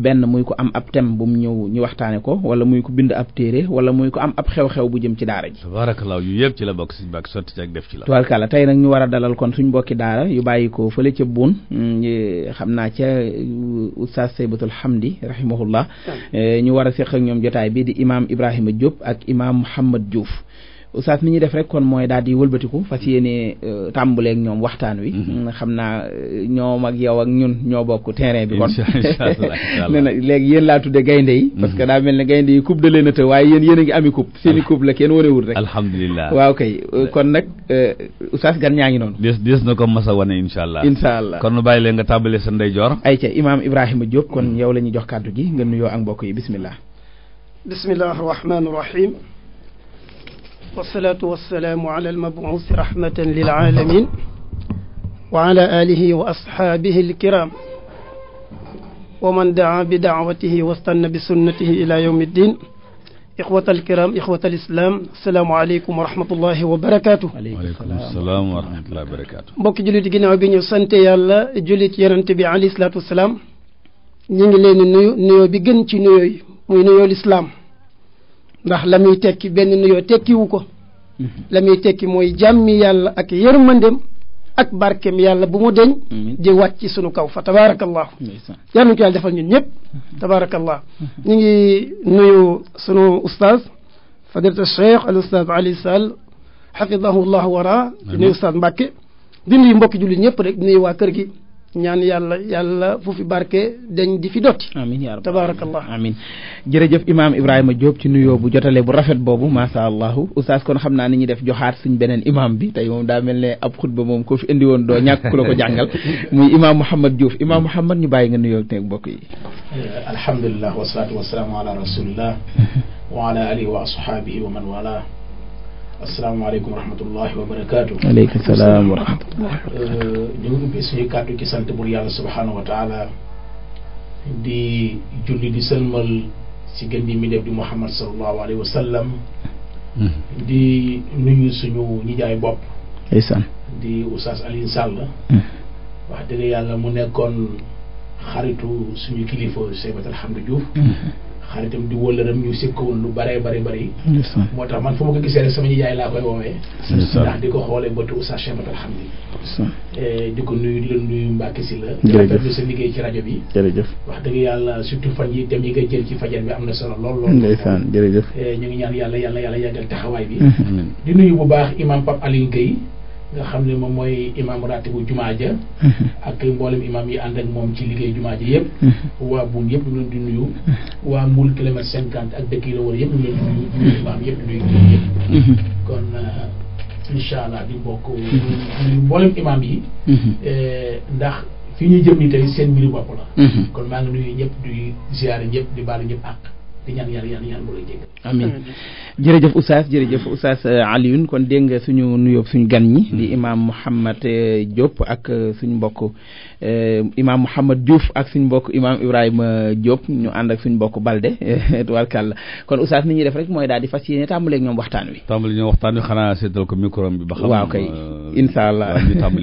benn muy ko am ab thème bu mu ñëw ñu waxtaane ko wala muy ko bind ab téere wala muy ko am ab xew-xew bu jëm ci daara ji tabaarakallaa yu yëpp ci la bokk suñ bàkk sotti ci ak def ci la tey nag ñu war a dalal kon suñ bokki daara yu bàyyi ko fële ca buun xam naa ca uh, oustaz saybatul hamdi rahimahullah eh, ñu war a seq ak ñoom jotaay bi di imaam ibrahima diop ak imaam mouhamad juuf oustaz ni ñuy def rek kon mooy daal di wëlbatiku fas yéene euh, tàmbaleeg ñoom waxtaan wi. Mm-hmm. Mm, xam naa euh, ñoom ak yow ak ñun ñoo bokk terrain bi kon. nee na léegi yéen laa tudd gaynde yi. parce que mm-hmm. daa mel ne gaynde yi coupe de leen a waaye yéen yéen a ngi ami coupe seen i la kenn wanewul rek. alhamdulilah waaw kay euh, kon nag oustaz gan ñaa ngi noonu. des des na ko mas a wane incha allah. incha allah kon nu bàyyi leen nga tàmbalee sa ndeyjoor. ayca imaam Ibrahima Diop kon yow la ñuy jox kàddu gi nga nuyoo ak mbokk yi bismillah. wasalaatu wasalaamu ala almabuusi rahmatan lilaalamin wa ala alihi wa asxaabihi alkiram wa man daa bi daawatihi wastanna bi sunnatihi ila yawmi ddin ixwat alkiram ixwat alislam asalaamu aleykum wa rahmatullahi wa barakaatu waaleykum salaam wa rahmatullahi wa barakaatu mbokki jullit ginnaaw bi ñu sante yàlla jullit yonent bi alayhi salaatu wasalaam ñu ngi leen di nuyu nuyoo bi gën ci nuyoo yi muy nuyoo lislaam ndax la muy tekki benn nuyoo tekkiwu ko mm-hmm. la muy tekki mooy jàmmi yàlla ak yërmandem ak barkem yàlla bu mu deñ mm-hmm. di wàcc ci sunu kaw fa tabaarakallahu yàlla ñu ko yàlla defal ñun ñëpp mm-hmm. tabaarakallahu ñu ngi nuyu sunu ustaaz fadilat cheikh al ustaaz ali sall xafidahu llahu wara di nuyu ustaaz mbàkke di nuyu mbokki jullit ñëpp rek di nuyu waa kër gi ñaan yàlla yàlla fu fi barke dañ di fi dotti amiin yaa rabbi tabaarakallah amiin jërëjëf imaam Ibrahima Diop ci nuyoo bu jotale bu rafet boobu macha allah oustaz kon xam naa ni ñuy def joxaat suñ beneen imaam bi tey moom daa mel ne ab xutba moom ko fi indi woon doo ñàkk ku la ko jàngal muy imaam Mouhamed Diouf imaam Mouhamed ñu bàyyi nga nuyoo teg bokk yi. asalaamaaleykum wa rahmatullahi wa barakaatu. waaleykum salaam wa rahmatullah. ñu ngi ubbi suñu kàddu ci sant bur yàlla subhaanahu wa taala di julli di sëlmal ci gën di mi def di Muhammad sallallahu alayhi wa sallam. Mm-hmm. di nuyu suñu ñijaay bopp. ndeysaan di Oustaz Alioune Sall. Mm-hmm. wax dëgg yàlla mu nekkoon xaritu suñu kilifa Seybatal Hamdu Diouf. Mm-hmm. xaritam di wëllëram ñu sikkoon lu bare bare bëri. moo tax man fu ma ko gisee rek sama yaay laa koy woowee. ndax di ko xoolee bëtu Oustaz Cheikh Matal Hamdi. Eh, di ko nuyu di la nuyu Mbacke si la. jërëjëf di sa liggéey ci rajo bi. jërëjëf wax dëgg yàlla surtout fan yi dem yi nga jël ci fajar bi am na solo lool lool. ndeysaan jërëjëf. Eh, ñu ngi ñaan yàlla yàlla yàlla yàggal taxawaay bi. di nuyu bu baax imam Pape Alioune Guèye. nga xam ne moom mooy imaam ratibu jumaa ja mhm. ak mboolem imaam yi ànd ak moom ci liggéey jumaa ja yëpp mhm. waa buun yëpp ñu leen di nuyu mhm. waa Mboul kilomètre cinquante ak dëkk yi la wër yëpp ñu leen euh, allah di bokk nuyu mboolem imaam yi euh, ndax fi ñuy jëm ni tey seen mbiru bopp la kon maa ngi nuyu ñëpp di ziare ñëpp di baalu ñëpp àq di ñaan yàlla yàlla ñaan bu lay jéggal amin jërëjëf oustaz jërëjëf oustaz euh, Alioune kon dégg nga suñu nuyoo suñu gan ñi di hmm. imam Mouhamad euh, Diop ak euh, suñu mbokk imam Mouhamad Diouf ak suñu mbokk imam Ibrahima Diop ñu ànd ak suñu mbokk Balde tubarkàlla kon oustaz ni ñuy def rek mooy daal di fas yéene tàmbaleeg ñoom waxtaan wi tàmbali ñoom waxtaan wi xanaa seetal ko micro ba xam waaw allah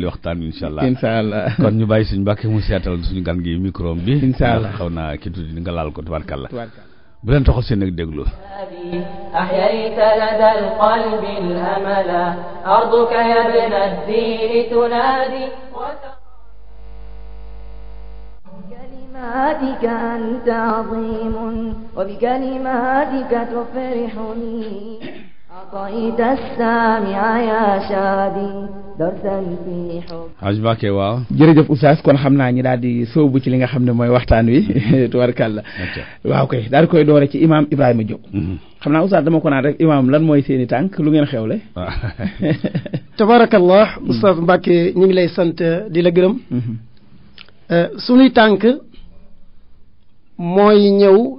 waxtaan wi incha allah incha allah kon ñu bàyyi suñu mbàkke mu seetal suñu gan gi micro bi incha allah xaw naa ki tuddi nga laal ko tubarkàlla tubarkàlla bu leen taxal seen ak déglu أحييت لدى القلب الأملا أرضك يا ابن الدين تنادي بكلماتك أنت عظيم وبكلماتك تفرحني haj Mbacke waaw jërëjëf oustaz kon xam naa ñi daal di ci li xam ne mooy waxtaan wi tubarkàlla waaw kay daal koy doore ci imaam Ibrahima Diop mm-hmm. xam naa lan mooy seeni tànk lu ngeen xewle ah. tabarakallah mm-hmm. oustaz ngi lay sant di la gërëm mm-hmm. euh, tànk mooy ñëw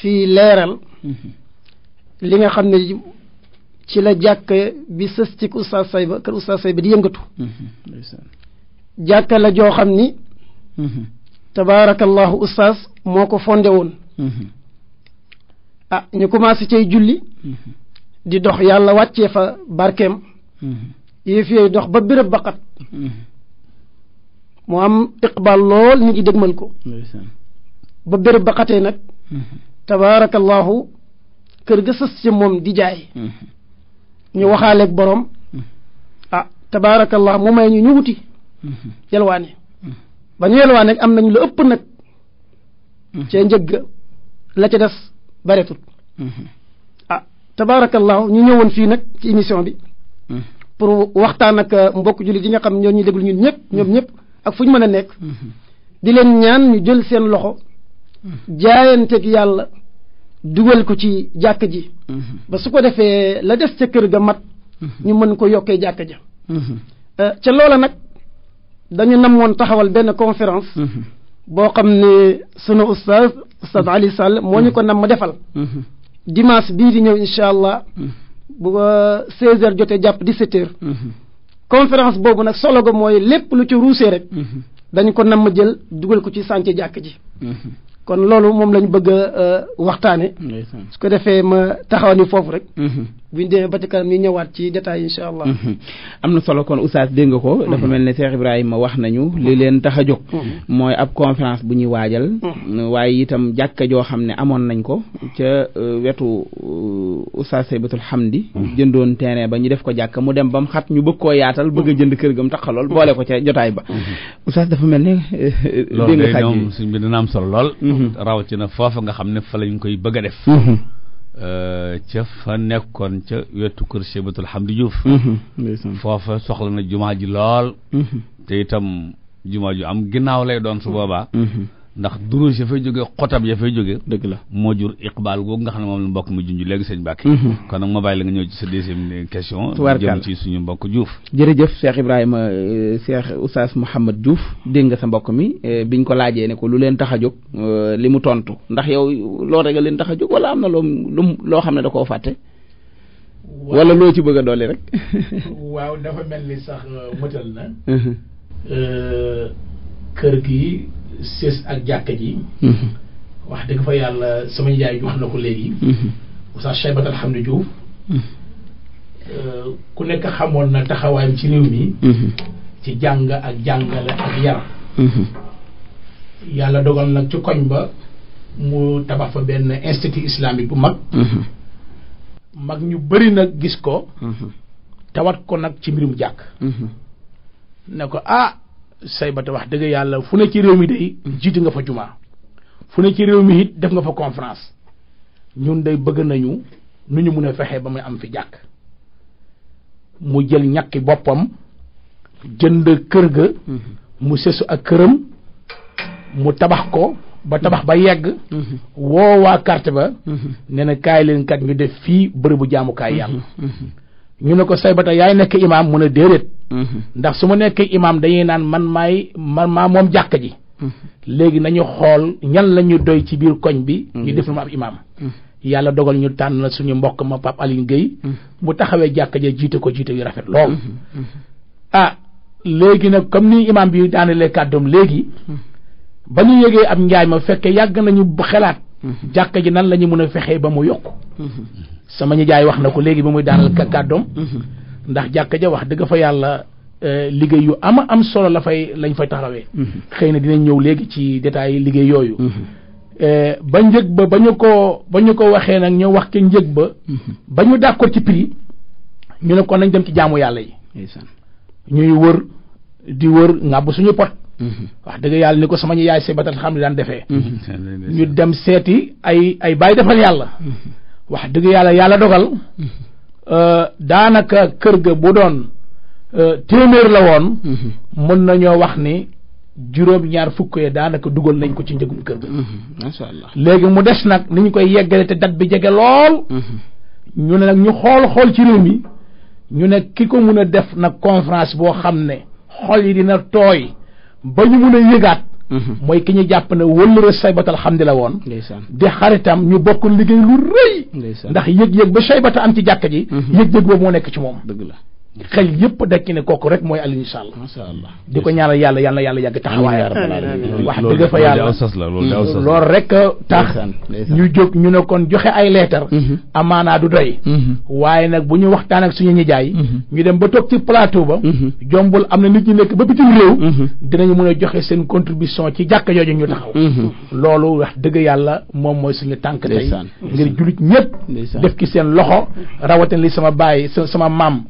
fii leeral li nga xam ne ci la jàkka bi sës ci oustaz say ba kër oustaz say ba di yëngatu mm-hmm. jàkka la joo xam ni mm-hmm. tabaarakallahu oustaz moo ko fonde woon mm-hmm. ah ñu commencé cay julli di dox yàlla wàcce fa barkeem yëf yooyu dox ba béréb baqat mu am iqbal lool nit ñi dégmal ko ba béréb baqatee nag tabaarakallahu kër ga sës ca moom di jaay mm-hmm. ñu waxaaleeg borom mm-hmm. ah tabaarakallah mu may ñu ñu wuti mm-hmm. yelwaane ba ñu yelwaane am nañu la ëpp nag cee njëgga la ci des bareetut ah tabaarakallah ñu ñëwoon fii nag ci émission bi pour waxtaan ak uh, mbokk jullit yi nga xam ñoo ñuy déglu ñun ñëpp ñoom ñëpp ak fu ñu mën a nekk di leen ñaan ñu jël seen loxo jaayanteeg yàlla dugal ko ci jàkk ji mhm. ba su ko defee la des ca kër ga mat mhm. ñu mën ko yokkee jàkk ja mhm. euh, ca loola nag dañu namoon taxawal benn conférence boo xam ne sunu oustaz oustaz Ali Sall moo ñu ko nam ma defal dimanche bii di ñëw incha allah bu seize heures jotee jàpp dix-sept heures boobu nag solo ga mooy lépp lu ci ruusee rek dañ ko nam ma jël dugal ko ci sànce jàkk ji kon loolu moom lañ bëgg a euh, waxtaane su ko defee ma taxaw ni foofu rek mm-hmm. bu ñu demee ba ci kanam ñu ñëwaat ci détail incha allah. Mhm. am na solo kon oustaz dégg nga ko. Mhm. dafa mel ne Cheikh Ibrahima wax nañu. li mhm. leen tax a jóg. mooy ab conférence bu ñuy waajal. Mm, waaye itam jàkka joo xam ne amoon nañ ko. ca euh, wetu euh, oustaz Seybatul Hamdi. jëndoon terrain ba ñu def ko jàkka mu dem ba mu xat ñu bëgg koo yaatal bëgg a jënd kër ga mu lool boole ko ca jotaay ba. oustaz dafa mel ne. Euh, dégg nga xaj loolu day suñ bi dina am solo lool. rawatina foofu nga xam ne fa lañ koy bëgg a def. Euh, ca fa nekkoon ca wetu kër Cheikh Batul Hamdi Diouf mhm, foofa soxla na jumaa ji lool mhm. te itam jumaa ju am ginnaaw lay doon su mhm. boobaa ndax duruus ya fay jóge xotab ya fay jóge dëgg la moo jur iqbaal googu nga xam ne moom la mbokk mu junj léegi sëñ Mbàkke mhm. kon nag ma bàyyi la nga ñëw sa deuxième question jëm ci suñu mbokk Diouf jërëjëf Cheikh Ibrahima euh, Cheikh Oustaz Mouhamed juuf dégg nga sa mbokk mi bi euh, biñ ko laajee ne ko lu leen tax a jóg euh, li mu tontu ndax yow loolu rek leen tax a jóg wala am na loo loo xam ne da koo fàtte wala loo ci bëgg a dolli rek waaw dafa mel ni na mhm. sées ak jàkka ji. Mhm. wax dëgg fa yàlla sama nijaay ji wax na ko léegi. Mhm. Oustaz Chaybat Alhamdi Diouf. Mhm. Euh, ku nekk xamoon na taxawaayam ci réew mi. ci jàng ak jàngale ak yar. yàlla dogal nag ci koñ ba mu tabax fa benn institut islamique bu mag. mag ñu bari nag gis ko. tawat ko nag ci mbirum jàkk. ne ko ah Saybata wax dëgg yàlla fu ne ci réew mi day jiitu nga fa jumaa fu ne ci réew mi it def nga fa conférence ñun day bëgg nañu nu ñu mun a fexe ba muy am fi jàkk mu jël ñàkki boppam jënd kër ga mu sesu ak këram mu tabax ko ba tabax ba yegg woo kart carte ba nee na kaay leen kat ñu def fii bërëbu jaamukaay yàlla mhm. Mhm. ñu ne ko Saybata yaay nekk imaam mun a déedéet Mm-hmm. ndax su ma nekkee imaam dañuy naan man maay man maa moom jàkka ji. Mm-hmm. léegi nañu xool ñan la ñu doy ci biir koñ bi. Mm-hmm. ñu def lu ma ab imaam. yàlla dogal ñu tànn suñu mbokk ma Pape Alioune Guèye. bu taxawee jàkka ja jiite ko jiite yu rafet lool. ah léegi nag comme ni imaam bi daanelee kàddoom léegi. ba ñu yëgee ab njaay ma fekkee yàgg nañu xelaat. jàkka ji nan lañu mën a fexe ba mu yokk sama ñu wax na ko léegi ba muy daanal kàddoom. ndax jàkka ja wax dëgg fa yàlla Euh, liggéey yu ama am solo la fay lañ fa taxawee. Mm-hmm. xëy na dinañ ñëw léegi ci détails yi liggéey yooyu. Mm-hmm. Euh, ba njëg ba ba ñu ko ba ñu ko waxee nag ñu wax ke njëg ba. Mm-hmm. ba ñu d'accord ci prix ñu ne kon nañ dem ci jaamu yàlla yi. ñuy wër di wër ngàbb suñu pot. wax dëgg yàlla ni ko sama ñu yaay sebatal xam ne daan defee. ñu dem seeti ay ay bàyyi defal yàlla. wax dëgg yàlla yàlla dogal. Euh, daanaka kër ga bu doon. Euh, téeméer la woon mm-hmm. mën nañoo wax ni juróom ñaar fukk yee daanaka dugal nañ ko ci njëgum kër ga mm-hmm. léegi mu des nag ni ñu koy yeggale te date bi jege lool mm-hmm. ñu ne nag ñu xool xool ci réew mi ñu ne ki ko mun a def nag confrance boo xam ne xol yi dina tooy ba ñu mun a yëgaat mooy ki ñu jàpp ne wëllëre saybatal xam di la woon di xaritam ñu bokk liggéey lu rëy ndax yëg-yëg ba saybata am ci jàkka ji yëg-yëg boobu moo nekk ci moom dëgg la xel yëpp dekki ne kooku rek mooy allah di ko ñaanal yàlla yal na yàlla yàgg taxawaayam. wax dëgg fa yàlla loolu rek tax ñu jóg ñu ne kon joxe ay leetar. Mm-hmm. amaanaa du doy. Mm-hmm. waaye nag bu ñu waxtaan ak suñu nijaay. Mm-hmm. ñu dem ba toog ci plateau ba. jombul am na nit ñi nekk ba bitim réew. dinañu mën a joxe seen contribution ci jàkka jooju ñu taxaw. loolu wax dëgg yàlla moom mooy suñu tànk tey. ngir jullit ñëpp. def ci seen loxo rawatina li sama baay sama maam.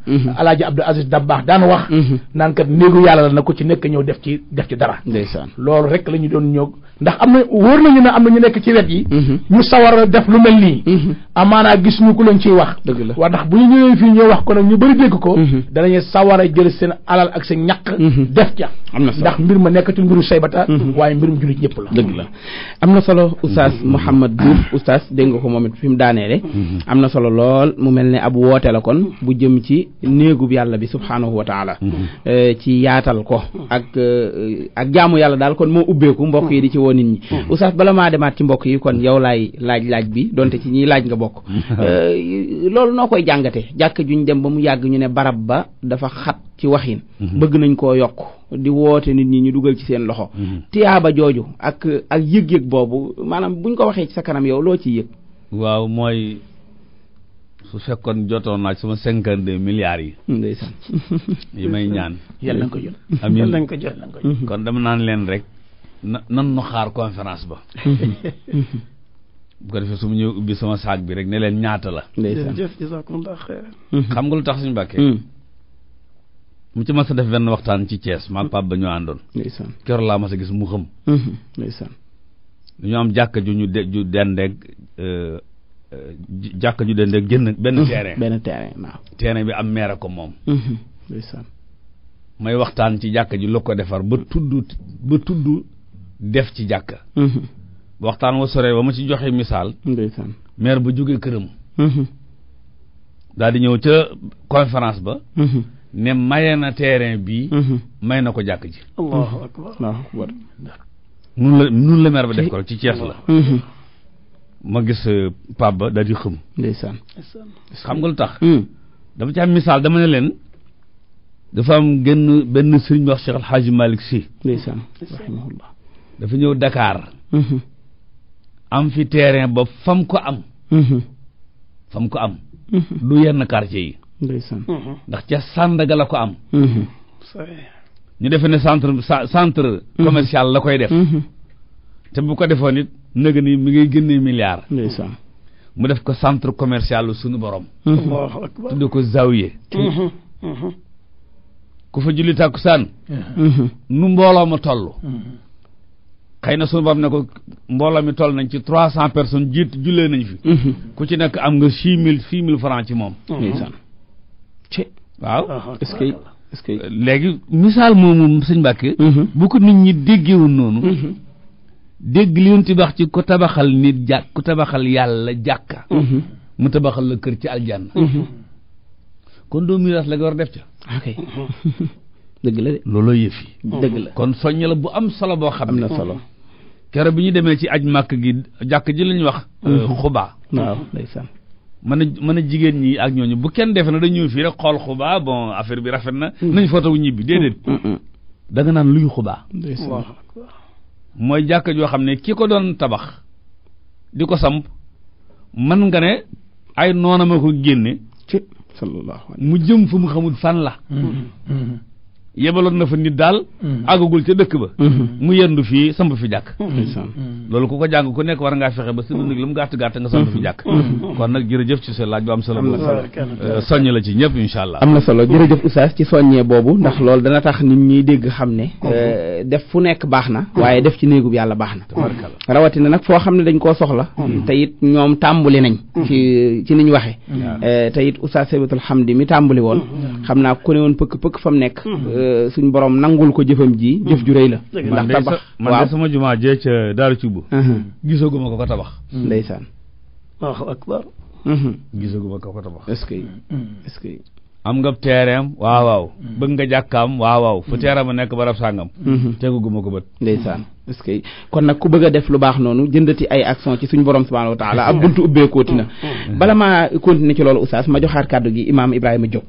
alaaji Abdou Aziz Dabakh daan wax mhm. naan kat néegu yàlla la na ko ci nekk ñëw def ci def ci dara ndeysaan rek la ñu doon ñëw ndax am na wóor nañu ne am na ñu nekk ci wet yi mhm. ñu sawar def lu mel nii mhm. amaanaa gis ñu ko nag ñu bëri dégg ko danañu a jël seen alal ak seen ñaq def ca am na solo ndax mbir ma nekkatul mbiru saybata la dëgg la am na solo oustaz Mouhamed Diouf oustaz dégg nga ko moom it fi mu daaneele am na solo lool mu mel ne ab woote la kon bu jëm ci néegu bëggub yàlla bi subhaanahu wa taala mm-hmm. eh, ci yaatal ko ak eh, ak jaamu yàlla daal kon moo ubbeeku mbokk yi di ci woo nit ñi mm-hmm. oustaz bala maa demaat ci mbokk yi kon yow laay laaj laaj bi donte ci ñiy laaj nga bokk mm-hmm. eh, loolu noo koy jàngate jàkk juñ dem ba mu yàgg ñu ne barab ba dafa xat ci waxin bëgg nañ koo yokk di woote nit ñi ñu dugal ci seen loxo tiyaaba jooju ak ak yëg-yëg boobu maanaam buñ ko waxee ci sa kanam yow loo ciy yëg waaw mooy su fekkoon jotoon naa sama cinquante deux milliards yi. ndeysaan. yi may ñaan. yàlla na ko jot amiin yàlla na ko jot na ko jot. kon dama naan leen rek. na nan nu xaar conférence ba. bu ko defee su mu ñëw ubbi sama saag bi rek ne leen ñaata la. ndeysaan jërëjëf jazakumullah xeer. Mm-hmm. xam nga lu tax suñu bàkkee. Mm. mu ci mas a def benn waxtaan ci Thiès maag Pape ba ñu àndoon. ndeysaan keroog laa mas a gis mu xam. Mm-hmm. ndeysaan. dañoo am jàkka ju ñu de ju dendeeg. Euh, jàkka ju dende génn benn mhm. terrain benn terrain waaw. bi am maire ko moom. Mhm. ndeysaan. may waxtaan ci jàkka ji lu ko defar ba tudd ba tudd def ci jàkka. Mhm. waxtaan wa sore ba ma ci joxe misaal. ndeysaan maire ba jógee këram. daal di ñëw ca conférence ba. ne maye na terrain bii. may na ko jàkk ji. allahu la nun la maire ba def ko ci Cees la. ma gis euh, Pape Ba daal di xëm. xam nga lu tax. Hmm. dama ci am misaal dama ne leen dafa am genn benn sëriñ wax Cheikh Al Hadj Malick dafa ñëw dakaar hmm. am fi terrain ba fam ko am. Hmm. fam ko am. lu yenn quartier yi. ndax ca Sandaga la ko am. ñu defe ne centre centre commercial la koy def. te bu ko defoon it nëgë ni mi ngay génnee milliard ndeysaan mu def ko centre commercial sunu borom tudd ko zawiye mhm, mhm. ku fa julli tàkkusaan mhm. nu mbooloo ma toll na suñu borom ne ko mbooloo mi toll nañ ci trois cent personne jiit jullee nañ fi ku ci nekk am nga six mille six mil francs ci moom ndeysaan ci waaw est-ce que est léegi misaal moomu sëñ Mbàkke bu ko nit ñi déggewoon noonu dégg li yonent bi ci ku tabaxal nit jàkk ku tabaxal yàlla jàkka mhm. mu tabaxal la kër ci aljanna mhm. kon doo miraas la nga war def ca ok dëgg la de looloo yëf yi mhm. dëgg la kon soññ bu am solo boo xam ne am na solo keroog bi ñu demee ci aj màkk gi jàkk ji lañ wax euh, xubaa waaw ndeysaan mën a mën a jigéen ñi ak ñooñu bu kenn defe na dañ ñëw fii rek xool xubaa bon affaire bi rafet na nañ fotowu ñibbi déedéet da danga naan luy xubaa mooy jàkka joo xam ne ki ko doon tabax di ko samp man nga ne ay noonama ko génne. mu jëm fu mu xamul fan la. Mm-hmm. Mm-hmm. yebaloon na fa nit daal. Mm-hmm. àggagul ca dëkk ba. Mm-hmm. mu yendu fii samp fi jàkk. Mm-hmm. loolu ku ko jàng ku nekk war ngaa fexe ba sa dund lu mu gàtt gàtt nga samp fi jàkk. kon nag jërëjëf ci sa laaj bu am solo. am euh, la ci ñëpp incha allah. am na solo jërëjëf Oustaz ci soññee boobu ndax loolu dana tax nit ñi dégg xam ne. Euh, def fu nekk baax na. waaye def ci néegub yàlla baax na. rawatina nag foo xam ne dañ koo soxla. te it ñoom tàmbuli nañ. ci ci ni ñu waxee. Euh, te it Oustaz Seybatul mi tàmbuli woon. xam naa ku ne woon pëkk pëkk fa nekk suñ borom nangul ko jëfam ji jëf ju rëy ma hmm. ndax tabax man de sama jumaa jee ca daaru ci bu uh-huh. gisaguma ko ko tabax ndeysaan waaw akbar uh-huh. ko ko tabax est am nga teereem waaw waaw mm-hmm. bëgg nga jàkkaam waaw waaw fu mm-hmm. teereem a nekk barab sàngam mm-hmm. tegu guma ko bët ndeysaan est que kon nag ku bëgg a def lu baax noonu jëndati ay action ci suñu borom subhanahu wa taala ak buntu ubbeekooti na bala maa continuer ci loolu oustaz ma joxaat kàddu gi imaam Ibrahima Diop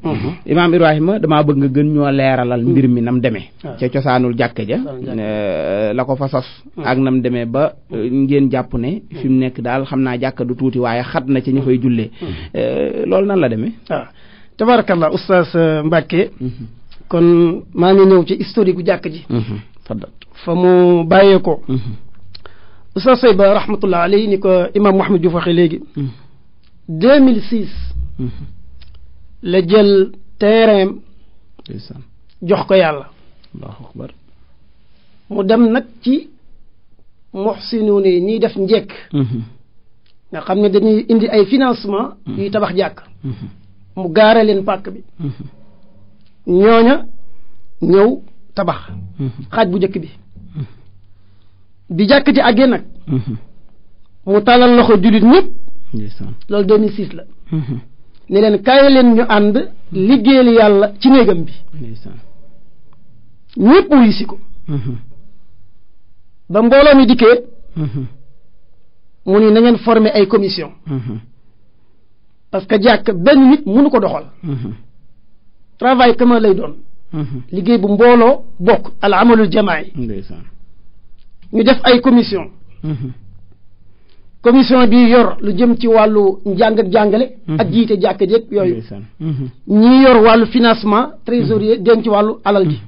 imaam Ibrahima dama bëgg nga gën ñoo leeralal mbir mi nam demee ah. ca cosaanul jàkka ja eh, la ko fa sos mm. ak nam demee ba eh, ngeen jàpp ne mm. fi mu nekk daal xam naa jàkka du tuuti waaye xat na ci ñu fay jullee mm. eh, loolu nan la demee ah. tabarakallah oustaz eh, Mbacke. Mhm. kon maa ngi ñëw ci historique gu jàkk ji. Mhm. faddal fa mu bàyyee ko. Mhm. oustaz Seyba rahmatullah alayhi ni ko imaam Mouhamed Diouf waxee léegi. 2006. la jël terrain jox ko yàlla. allahu mu dem nag ci muxsinuun yi def njekk. nga xam ne dañuy indi ay financement yuy tabax jàkk. mu gaare leen pàkk bi ñooña ñëw tabax xaaj bu njëkk bi bi jàkk ci àggee nag mu tàllal loxo jullit ñëpp loolu 2006 la mhm. ne leen kaay leen ñu ànd liggéeyal yàlla ci néegam bi ñëpp wuyu ko mhm. ba mbooloo mi dikkee mhm. mu ni na ngeen former ay commission parce que jàkk benn nit mënu ko doxal mhm. travail commun lay doon mhm. liggéey bu mbooloo bokk al amalul jamaay ñu def ay commission mhm. commission bi yor lu jëm ci wàllu njàng ak jàngale ak jiite jàkk jeeg yooyu ñii yor wàllu financement trésorier denc wàllu alal ji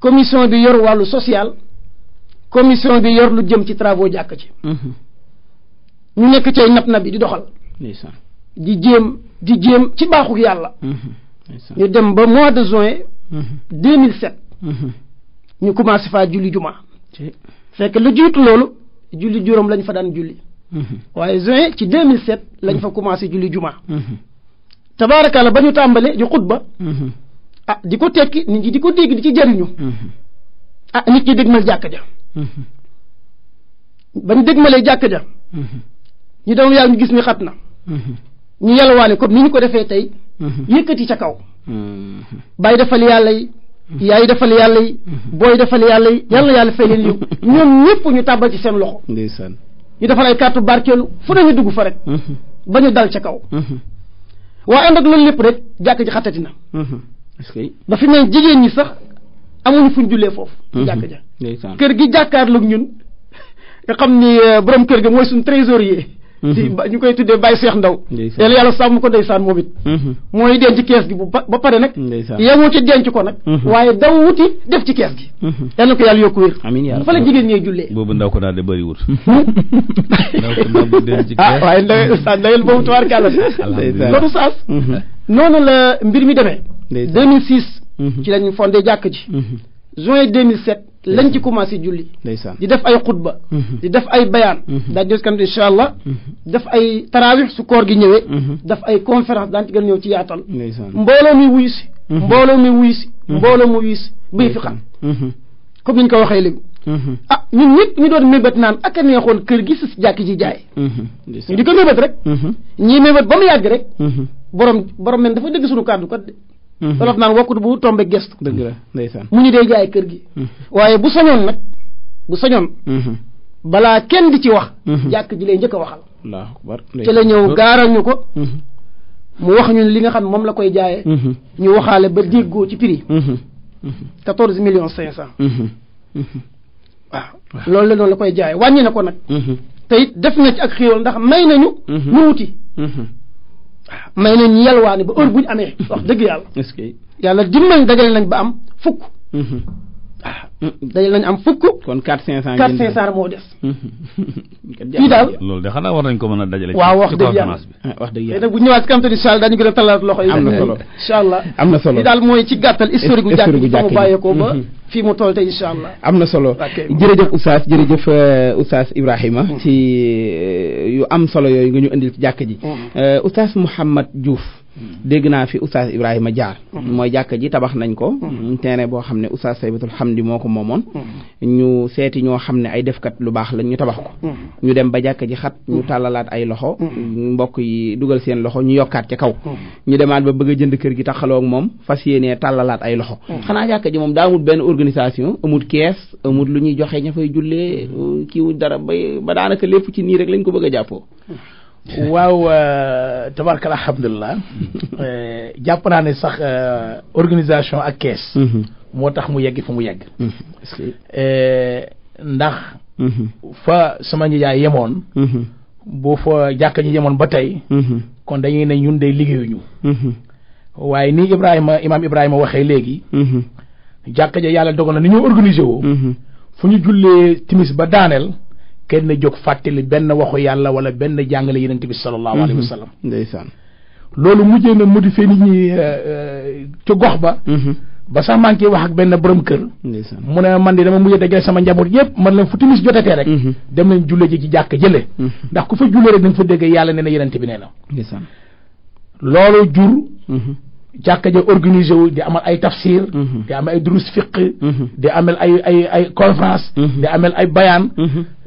commission bi yor wàllu social commission bi yor lu jëm ci travaux jàkk ci ñu nekk cay nap na bi di doxal di jéem di jéem ci baaxu yàlla. Mhm. ñu dem ba mois de juin. 2007. Mhm. Mhm. ñu commencé faa julli juma. fekk lu jiitu loolu julli juróom lañu fa daan julli. waaye juin ci 2007 lañ fa commencé julli juma. tabaarakalla ba ñu tàmbalee di xutba. ah di ko tekki nit ñi di ko dégg di ci jariñu. ah nit ñi dégmal jàkka ja. bañ dégmalee jàkka ja. ñu dem yaa ñu gis ni xat na. ñu yalwaane comme ni ñu ko defee tey mm-hmm. yëkkati ca kaw mm-hmm. bàyyi defal yàlla yi mm-hmm. yaay defal yàlla yi booy defal yàlla yi yàlla yàlla fay leen yiw ñoom ñëpp ñu tàbbal ci seen loxo ndeysaan ñu defal ay kàttu barkeelu fu ne ñu dugg fa rek ba ñu dal ca kaw waaye ànd ak loolu lépp rek jàkk ji xattati na ba fi ne jigéen ñi sax amuñu fuñ jullee foofu jàkk ja kër gi jàkkaarloog ñun nga xam ni euh, borom kër gi mooy suñ trésorier si mhm. ñu koy tuddee Baye Cheikh Ndaw yàlla yàlla sàmm ko ndeysaan moom it mhm. mooy denc kees gi bu ba pare nag yemoo ci denc ko nag mhm. waaye daw wuti def ci kees gi yàlla na ko yàlla yokku wér amiin fa la jigéen ñee jullee boobu ndaw ko daal de bëri wut ndaw ko ah waaye ndaw ndawel boobu tubaarkàlla loolu ustaas noonu la mbir mi demee 2006 ci lañ fondé jàkk ji juin lañ ci commencé julli. ndeysaan di def ay xutba. Mm-hmm. di def ay bayaan. Mm-hmm. daañu des kanam incha allah. Mm-hmm. def ay taraawix su koor gi ñëwee. def ay conférence daan ci ñëw ci yaatal. mbooloo mi wuyu si. mbooloo mi wuyu si. mbooloo buy fi xam. comme ni ñu ko waxee léegi. ah ñun ñëpp ñu doon mébét naan ak a neexoon kër gi si jàkk ji jaay. ñu di ko mébét rek. ñii mébét ba mu yàgg rek. borom borom men dafa dëgg suñu kàddu de. Mhm. olof naan wokkut bu tombe gestu. dëgg la ndeysaan mhm. mu ñu dee jaay kër gi. Mhm. waaye bu sañoon nag bu sañoon. balaa kenn di ci wax. jàkk ji lay njëkk a waxal. allahu akbar ci la ñëw gaaral ñu ko. mu wax ñu li nga xam moom la koy jaayee. ñu waxaale ba déggoo ci prix. quatorze millions cinq cent. waaw loolu la noonu la koy jaayee wàññi na ko nag. te def na ci ak xéewal ndax may nañu. ñu wuti. may nañ ñu yalwaane ba heure bu ñu amee. wax dëgg yàlla. est-ce que yàlla nañ ba am fukk. Mm-hmm. Ah, dañu lañ am fukk. kon quatre cinq cent quatre cinq cent moo des. fii daal loolu de war nañ ko mën a dajale. waaw wax dëgg yàlla ah, wax dëgg yàlla bu ñëwaat si kanam incha allah daañu gën a talaat loxo yi. am na solo incha allah am na solo daal mooy ci gàttal. historique gu jàkk ji fa mu bàyyeekoo ba. Mhm. fii mu toll tey incha allah. am na solo jërëjëf Oustaz jërëjëf euh, Oustaz Ibrahima. ci euh, yu am solo yooyu nga ñu indil ci jàkk ji. Mhm. Euh, Oustaz Mouhamad Diouf. dégg naa fi oustaz Ibrahima Jaar mhm. mooy jàkka ji tabax nañ ko mhm. mm, teene boo xam ne oustaz Saybatul di moo ko moomoon mhm. ñu seeti ñoo xam ne ay defkat lu baax lañ ñu tabax ko ñu dem ba jàkka ji xat ñu tàllalaat ay loxo mm, mbokk yi dugal seen loxo ñu yokkaat ca kaw ñu demaat ba bëgg a jënd kër gi taxaloog moom fas yéenee tàllalaat ay loxo xanaa jàkka ji moom daa amul benn organisation amul kees amul lu ñuy joxe ña fay jullee kiiwu dara ba ba daanaka lépp ci nii rek lañ ko bëgg a jàppoo waaw euh, tabarka alhamdulilah euh, jàpp naa ne sax euh, organisation ak kees. Mhm. moo tax mu yegg fa mu yegg. Mhm. ndax. Mhm. fa sama nijaay yemoon. boo fa jàkka ñu yemoon ba tey. kon dañuy ne ñun day liggéeyuñu. waaye ni Ibrahima imaam Ibrahima waxee léegi. jàkka ja yàlla dogal na ni ñoo organisé fu ñu jullee timis ba daaneel. kenn jóg fàttali benn waxu yàlla wala benn jàngale yenent bi sallallahu alayhi wa mhm. sallam ndeysaan loolu mujjee mu modifié nit ñi euh, euh, ci gox ba mhm. ba sax maa ngi wax ak benn borom kër mu ne man de dama mujjee dajale sama njaboot yëpp man leen fu timis jotatee rek mhm. dem nañ julle ji ci jàkk jële ndax ku fa julle rek da fa dégg yàlla nee na yenent bi nee na loolu jur jàkka ja organisé wu di amal ay tafsir di amal ay durus fiq di amal ay ay ay conférence di amal ay bayaan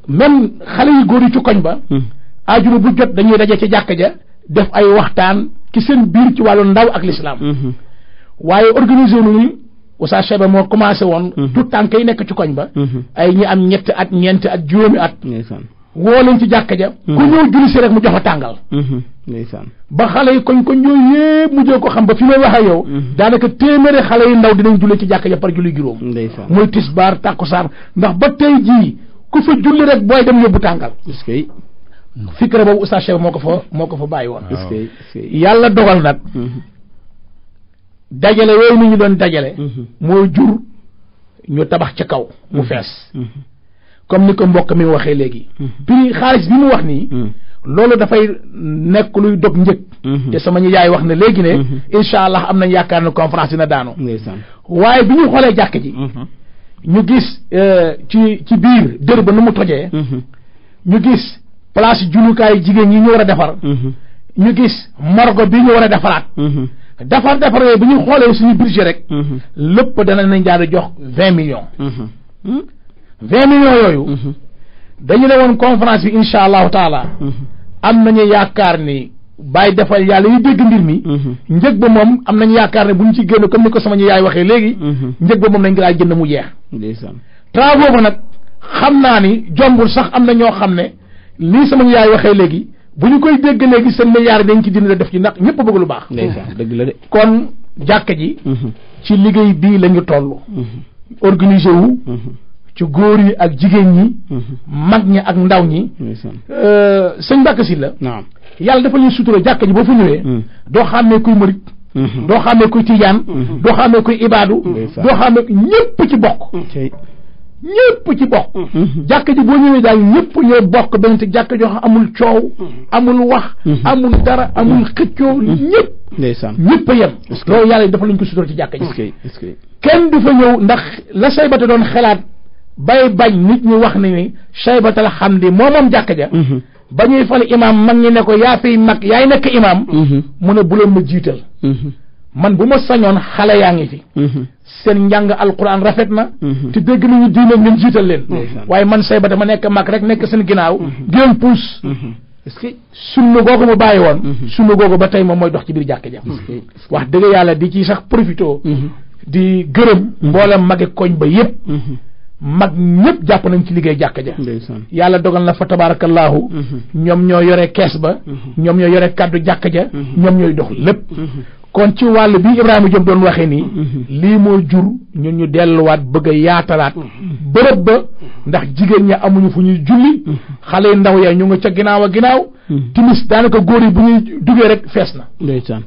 même xale yu góor yi ci koñ ba. Hmm. aju ma bu jot dañuy daje ci jàkka ja def ay waxtaan ki seen biir ci wàllu ndaw ak lislaam hmm. waaye organisé wu ñu Oustaz Chebe moo commencé woon. Hmm. tout tànk yi nekk ci koñ ba. ay ñi am ñetti at ñeenti at juróomi at. woo leen ci jàkka ja. ku ñëw julli si rek mu jox a tàngal. ndeysaan ba xale yi koñ koñ yooyu yëpp mujjee ko xam ba fi may wax ak yow. daanaka téeméeri xale yu ndaw dinañ julli ci jàkka ja par julli juróom. ndeysaan mooy tisbaar tàkkusaan ndax ba tey ku fa julli rek booy dem yóbbu tàngal. fikra boobu Oustaz Cheikh moo ko fa moo ko fa bàyyi woon. yàlla dogal nag. Mhm. dajale yooyu ni ñu doon dajale. Mhm. moo jur ñu tabax ca kaw. mu mhm. fees. comme ni ko mbokk mi waxee léegi. prix xaalis bi mu wax nii. loolu dafay nekk luy dog njëg. te sama ñu yaay wax na léegi ne. incha allah am nañ yaakaar ne conférence dina daanu. waaye bi ñu xoolee jàkk ji. ñu gis euh, ci ci biir dër ba nu mu tojee mm-hmm. ñu gis place junukaay jigéen ñi ñu war a defar mm-hmm. ñu gis morgue bi ñu war a defaraat mm-hmm. defar defar yooyu bu ñu xoolee suñu budget rek lépp dana nañ daal di jox vingt millions vingt millions yooyu dañu ne woon conférence bi incha allahu taala am ñu yaakaar ni bàyyi defal yàlla yi dégg mbir mi mhm. njëg ba moom am nañ yaakaar ne bu ñu ci génn comme ni ko sama ñu yaay waxee léegi mhm. njëg ba moom nañ ngi laa jënd mu jeex travaux ba nag xam naa ni jombul sax am na ñoo xam ne lii sama ñu yaay waxee léegi bu ñu koy dégg léegi seen milliards dañ ci dindi def ci ndax ñëpp bëgg lu baax dëgg la kon jàkka ji mhm. ci liggéey bii la ñu toll organiser ci góor yi ak jigéen ñi mag ñi ak ndaw ñi euh, sëñ Mbàkke si la yàlla dafa leen sutura jàkka ji boo fa ñëwee. Mm. doo xàmmee kuy murit. Mm-hmm. doo xàmmee kuy tijaan. Mm-hmm. doo xàmmee kuy ibaadu. doo xàmmee ñëpp ci bokk. ñëpp ci bokk. Mm-hmm. jàkka ji boo ñëwee daal ñëpp ñoo bokk benn te jàkka joo xam amul coow. amul wax. amul dara amul xëccoo ñëpp. ndeysaan ñëpp a yem. loolu yàlla dafa lañ ko sutura ci jàkka ji. kenn du fa ñëw ndax la saybata doon xalaat bay bañ nit ñi wax ne ni saybatal xam di moo moom jàkka ja. ba ñuy fal imaam mag ñi ne ko yaa fiy mag yaay nekk imaam. Mhm. mu ne bu leen ma jiital. Mhm. man bu ma sañoon xale yaa ngi fi. Mhm. seen njàng alquran rafet na. te dégg nañu diine ngeen jiital leen. waaye man say ba dama nekk mag rek nekk seen ginnaaw. di leen puus. est googu mu bàyyi woon. sunna googu ba tey moom mooy dox ci biir jàkka ja. wax dëgg yàlla di ci sax profito. di gërëm. mboolem magi koñ ba yépp. mag ñëpp jàpp nañ ci liggéey jàkka ja yàlla dogal na fa tabaarakallaahu mm-hmm. ñoom ñoo yore kees ba mm-hmm. ñoom ñoo yore kàddu jàkka ja mm-hmm. ñoom ñooy dox lépp kon ci wàll bi Ibrahima Diop doon waxee nii lii moo jur ñoom ñu delluwaat bëgg a yaatalaat bërëb ba ndax jigéen ña amuñu fu ñuy julli xale yu ndaw ya ñu nga ca ginnaaw a ginnaaw timis daanaka góor yi bu ñuy duggee rek fees na ndeysaan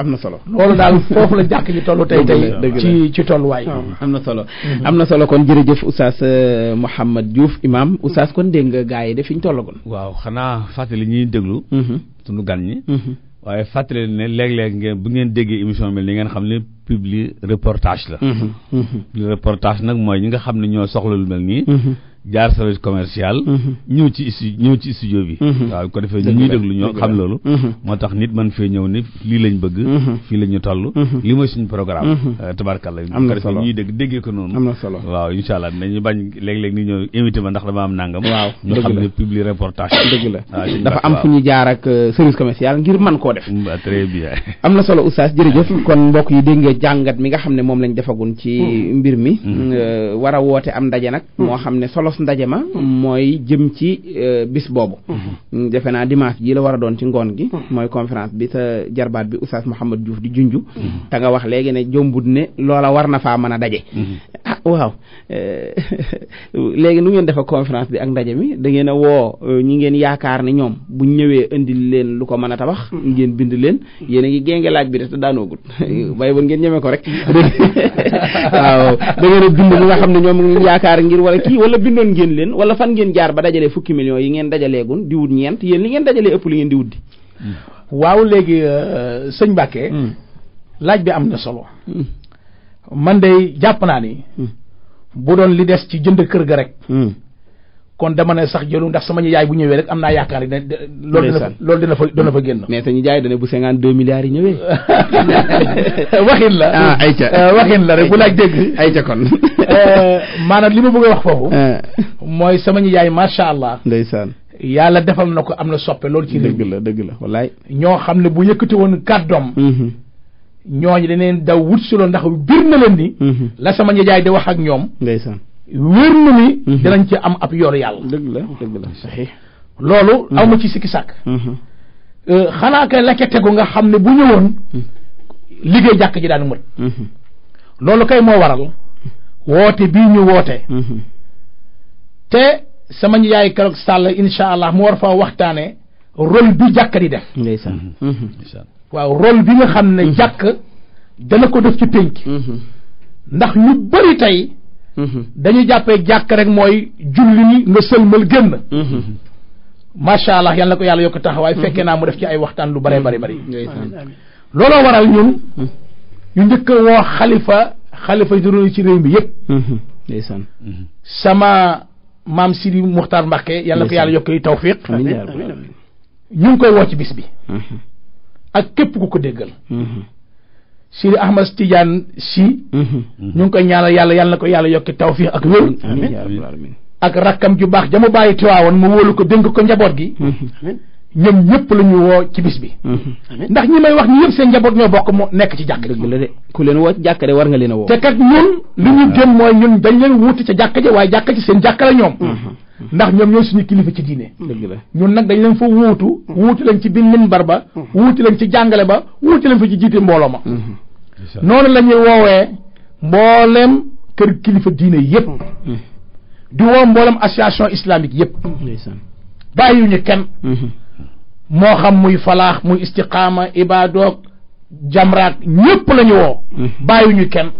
am na solo loolu daal foofu la jàkk ji toll tey tey ci ci tolluwaay mm-hmm. am na solo am na solo kon jërëjëf oustaz euh, Mouhamed Diouf imam mm-hmm. oustaz kon dégg nga gars yi de fi ñu tollagoon waaw xanaa fàttali ñuy déglu mm-hmm. sunu gan ñi waaye fàttali ne léeg-léeg ngeen bu ngeen déggee émission bi li ngeen xam ne publi reportage la publi reportage nag mooy ñi nga xam ne ñoo soxla lu mel nii jaar service commercial. Mhm. ñëw ci stu ñëw ci studio bi. Mhm. waaw ko defee ñuy déglu ñoo xam loolu. Mhm. moo tax nit man fee ñëw ni lii lañ bëgg. fii la ñu toll. li mooy suñu programme. Euh, tabarkalla am na solo ñuy dégg déggee ko noonu. am na solo waaw incha allah ma ah, euh, koo def. Mm, très bien. am na solo oustaz jërëjëf kon mbokk yi dégg jàngat mi nga xam ne moom lañ defagun ci mm. mbir mi. Mm. Euh, war a woote am ndaje nag moo xam ne solo sos ndaje ma mooy jëm ci euh, bis boobu mm-hmm. mm, defe naa dimance ji la war a doon ci ngoon gi mm-hmm. mooy conférence bi sa jarbaat bi oustaz Mouhamed Diouf di junju mm-hmm. te nga wax léegi ne jombut ne loola war na faa mën a daje ah waaw euh, léegi nu ngeen defa conférence bi ak ndaje mi dangeen woo euh, ñi ngeen yaakaar ne ñoom buñ ñëwee indil leen lu ko mën a tabax ngeen bind leen yéen a ngi génge laaj bi de te daanoogul waaye woon ngeen ñeme ko rek waaw da bind ñi nga xam ne ñoom yaakaar tooñ ngeen leen wala fan ngeen jaar ba dajalee fukki millions yi ngeen dajaleegun di wut ñeent yéen li ngeen dajalee ëpp li ngeen di wut di hmm. waaw léegi euh, sëñ Mbacke hmm. laaj bi am na solo hmm. man de jàpp naa ni bu doon li des ci jënd kër ga rek kon dama ne sax jëlu ndax sama yaay bu ñëwee rek am naa yaakaar ne loolu lool loolu dina fa dina fa génn mais sañu jaay dane bu cinquante deux milliards yi ñëwee waxin la ay ah, ayca euh, waxin la rek bu laaj dégg ayca kon euh, maanaam li ma bëgg wax foofu ah. mooy sama ñu yaay macha allah ndeysaan yàlla defam na ko am na soppe loolu ci dëgg la dëgg la wallaay ñoo xam ne bu yëkkati woon kàddoom mm-hmm. ñooñu daneen daw wut si loolu ndax bir na leen ni mm-hmm. la sama ñu jaay di wax ak ñoom ndeysaan wér na ni. Mhm. dinañ ci am ab yor yàlla. dëgg la dëgg loolu mhm. aw ma ci sikki mhm. euh, xanaa kay la tegu nga xam ne bu ñëwoon. liggéey jàkk ji daan mët. loolu kay moo waral woote bii ñu woote. te sama yaay keroog sàll incha allah mu war faa waxtaanee rôle bi jàkk di def. ndeysaan waaw rôle bi nga xam ne jàkk dana ko def ci pénc. ndax ñu bari tey. Mm-hmm. dañuy jàppee jàkk rek mooy julli ni nga sëlmal génn. Mm-hmm. macha allah yal na ko yàlla yokk taxawaay mm-hmm. fekkee naa mu def ci ay waxtaan lu bare bari bari. looloo waral ñun. ñu njëkk a woo xalifa xalifa juróomi ci réew mi yëpp. sama maam Sidi Muxtaar Mbàkke yal na ko yàlla yokk tawfiq ñu ngi koy woo ci bis bi. ak képp ku ko déggal. Sidi Ahmad Tidiane si. Mhm. ñu ngi koy ñaanal yàlla yàlla na ko yàlla yokki tawfiix ak wér. amiin ak rakkam ju baax ja mu bàyyi Tiwaawoon mu wóolu ko dénk ko njaboot gi. Mhm. ñoom ñëpp la ñu woo ci bis bi. Mm-hmm. ndax ñi may wax ñi yëpp seen njaboot ñoo bokk moo nekk ci jàkk dëgg la de ku leen woo ci jàkk war nga leen a woo. te kat ñun li ñu ah. gëm mooy ñun dañ leen wuti ca jàkk ji waaye jàkk ci seen jàkk la ñoom. Mm-hmm. Mm-hmm. ndax ñoom ñooy suñu kilifa ci diine. dëgg la ñun nag dañ leen fa wuutu. wuuti leen ci biir bar ba. wuuti leen ci jàngale ba wuuti leen fa ci jiite mbooloo ma. noonu la ñuy woowee mboolem kër kilifa diine yëpp. di woo mboolem association islamique yëpp. bàyyiwuñu kenn moo xam muy falaax muy istiqaama ibaadoog jamraat ñépp la ñu woo mhm. bàyyiwuñu kenn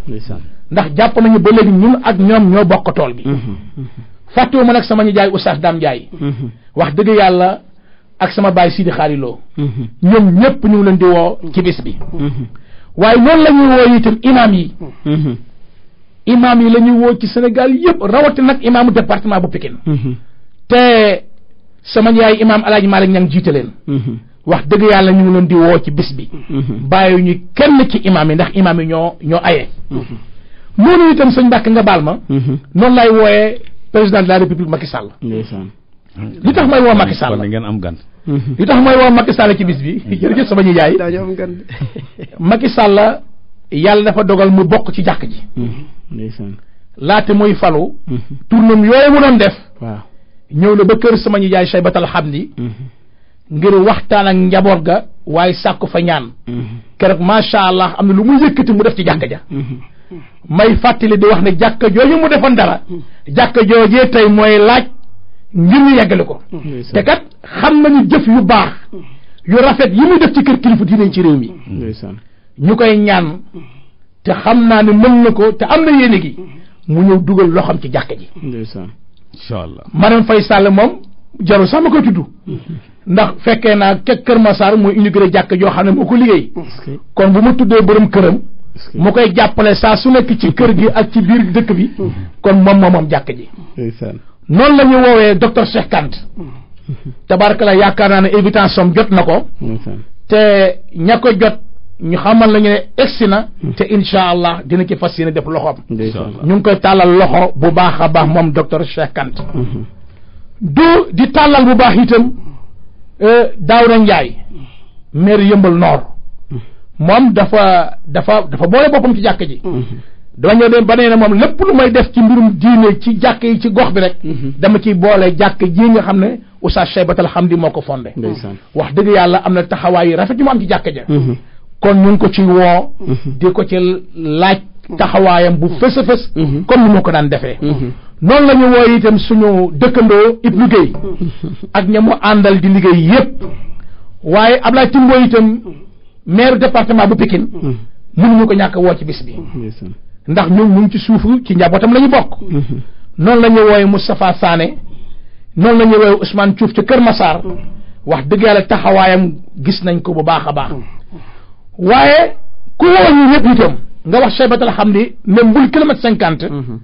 ndax jàpp nañu ba léegi ñun ak ñoom ñoo bokk tool bi mhm. fàttewu ma nag sama ñu jaay oustaz Dame Ndiaye mhm. wax dëgg yàlla ak sama baay Sidi Xaariloo ñoom ñépp ñu leen di woo ci bis bi waaye noonu la ñuy woo itam imaam yi imaam yi la woo ci Sénégal yépp rawati nag imaamu département bu Pikine te sama yaay imaam alaaji Malick ña ngi jiite leen mm-hmm. wax dëgg yàlla ñu ngi leen di woo ci bis bi mm-hmm. bàyyi ñu kenn ci imaam yi ndax imaam yi ñoo ñoo aye mm-hmm. noonu itam sëñ Mbàkke nga baal ma noonu lay wooyee président de la république Macky Sall li tax may woo Macky Sall ngeen am gan li tax may woo Macky ci bis bi jërëjëf sama ñu yaay Macky Sall yàlla dafa dogal mu bokk ci jàkk ji laata muy falu tournam yooyu mu doon def ñëw na ba kër sama ñu jaay Saybatal Hamdi mm-hmm. ngir waxtaan ak njaboot ga waaye sàkku fa ñaan mm-hmm. keroog macha allah am na lu mu yëkkati mu def ci jàkka ja mm-hmm. may fàttali di wax ne jàkka jooju mu defoon dara jàkka joojee tey mooy laaj ngir ñu yeggale ko te kat xam nañu jëf yu baax yu rafet yi muy def ci kër kilifa diine ci réew mi ñu koy ñaan te xam naa ne mën na ko te am na yéene gi mu ñëw dugal xam ci jàkka ji incha allah Marème Faye Sall moom jarul sax ko koy tudd. ndax fekkee naa ca Kër Massar mooy inauguré jàkk joo xam ne moo ko liggéey. kon bu mu tuddee borom këram. mu koy jàppale saa su nekk ci kër gi ak ci biir dëkk bi. Mm-hmm. kon moom moom moom jàkk ji. noonu la ñu woowee docteur Cheikh Kant. Mm-hmm. tabarka la yaakaar naa ne évitation jot na ko. te ña ko jot. ñu xamal lañu ne egsi na hmm. te incha allah dina ci fas yéene def loxoom ñu ngi koy tàllal loxo bu baax a baax moom docteur Cheikh Kant hmm. du di tàllal bu baax itam euh, Daouda Ndiaye maire yëmbal noor hmm. moom dafa dafa dafa boole boppam ci jàkk ji dañoo dem ba nee na moom lépp lu may def ci mbirum diine ci jàkk yi ci gox bi rek dama ciy boole jàkk ji nga xam ne Oustaz Cheybatal di moo ko fondé wax dëgg yàlla am na taxawaay yu rafet yu mu am ci jàkk ja kon ñu ngi ko ci woo. Mhm. di ko ci laaj taxawaayam bu fës a fës. comme ni ma ko daan defee. Mhm. noonu la ñu woo itam suñu dëkkandoo Ibou Guèye mhm. ak ña mu àndal di liggéey yépp waaye Ablaye Timbo itam maire département bu Pikine mënuñu ko ñàkk woo ci bis bi. ndax ñun ñu ngi ci suufu ci njabootam la ñu bokk. noonu la ñu wooyee Moustapha Sané noonu la ñu wooyee Ousmane ci Kër Massar wax dëgg yàlla taxawaayam gis nañ ko bu baax a baax. waaye ku wooñu ñëpp itam nga wax shaybatal hamdi même bul kilomètre cinquante mhm.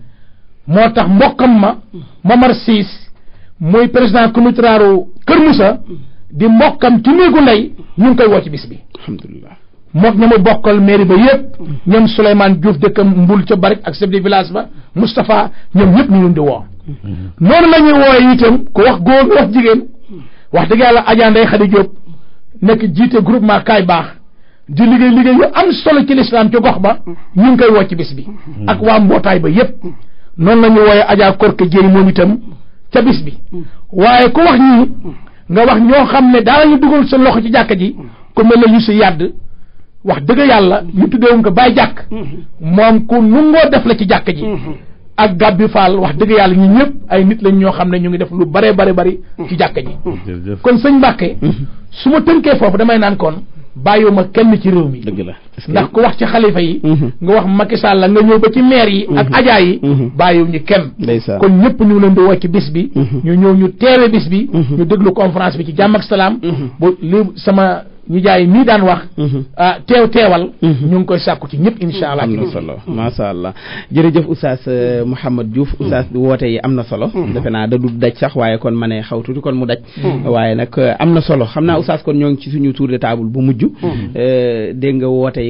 moo tax mbokkam ma Momar Siis muy président comité raaru Kër Moussa di mbokkam ci néegu ndey ñu ngi koy woo ci bis bi alhamdulilah mook ña mu bokkal mairie ba yëpp ñoom Souleymane Diouf dëkkam mbul ca barik ak chef de village ba Moustapha ñoom ñëpp ñu leen woo mhm. noonu la wooye itam ku wax góor wax jigéen wax dëgg yàlla Adja Ndeye Khady nekk jiite groupement kaay baax di liggéey liggéey yu am solo ci lislaam ci gox ba ñu ngi koy woo ci bis bi mm-hmm. ak waa mbootaay ba yépp noonu la ñu wooye Adja Korka Jéeri moom itam ca bis bi mm-hmm. waaye ku wax ñii nga wax ñoo xam ne ñu dugal sa loxo ci jàkka ji ku mel ne yu si yàdd wax dëgg yàlla ñu tuddeewuñ ko bàyyi jàkk mm-hmm. moom ku nungoo def la ci jàkka ji ak gàbbi faal wax dëgg yàlla ñi ñëpp ay nit lañ ñoo xam ne ñu ngi def lu bare bare bari ci jàkka ji kon sëñ Mbàkke su ma tënkee foofu damay naan bàyyiwuma kenn ci réew mi dëgg la ndax ku wax ci xalifa yi mhm. nga wax Macky Sall la nga ñëw ba ci maire yi ak mhm. ajaa yi mhm. bàyyiw ñu kenn kon ñëpp ñu leen di woo ci bis bi ñu ñëw ñu teewe bis bi ñu déglu conférence bi ci jàmm ak salaam bu li sama ñu jaay daan wax ah, teew teewal ñu ngi koy sàkku ci ñëpp insha allah am na solo macha allah jërëjëf oustaz euh, Mouhamed Diouf du woote yi am na solo defe naa da du daj sax waaye kon ma ne xaw tuuti kon mu daj waaye nag euh, am na solo xam naa oustaz kon ñoo ngi ci suñu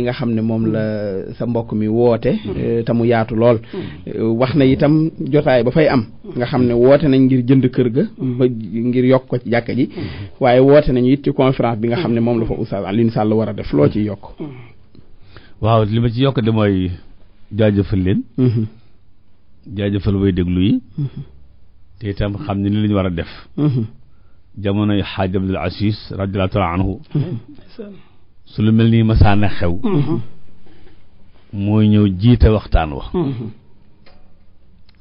yi nga xam ne moom la mm. sa mbokk mi woote mm. eh, tamu yaatu lool mm. eh, wax na itam jotaay ba fay am nga xam ne woote nañ ngir jënd kër ga ngir yokk ko ci jàkka ji waaye woote nañu it ci conférence bi nga xam ne moom la fa Oustaz Alioune Sall war a def loo ciy yokk waaw li ma ci yokk de mooy jaajëfal leen mm-hmm. jaajëfal way déglu yi mm-hmm. te itam xam ne ni lañu war a def mm-hmm. jamonoy xaaj Abdul Aziz radiyallahu taala anhu su lu mel nii masaana xew mm-hmm. mooy ñëw jiite waxtaan wa mm-hmm.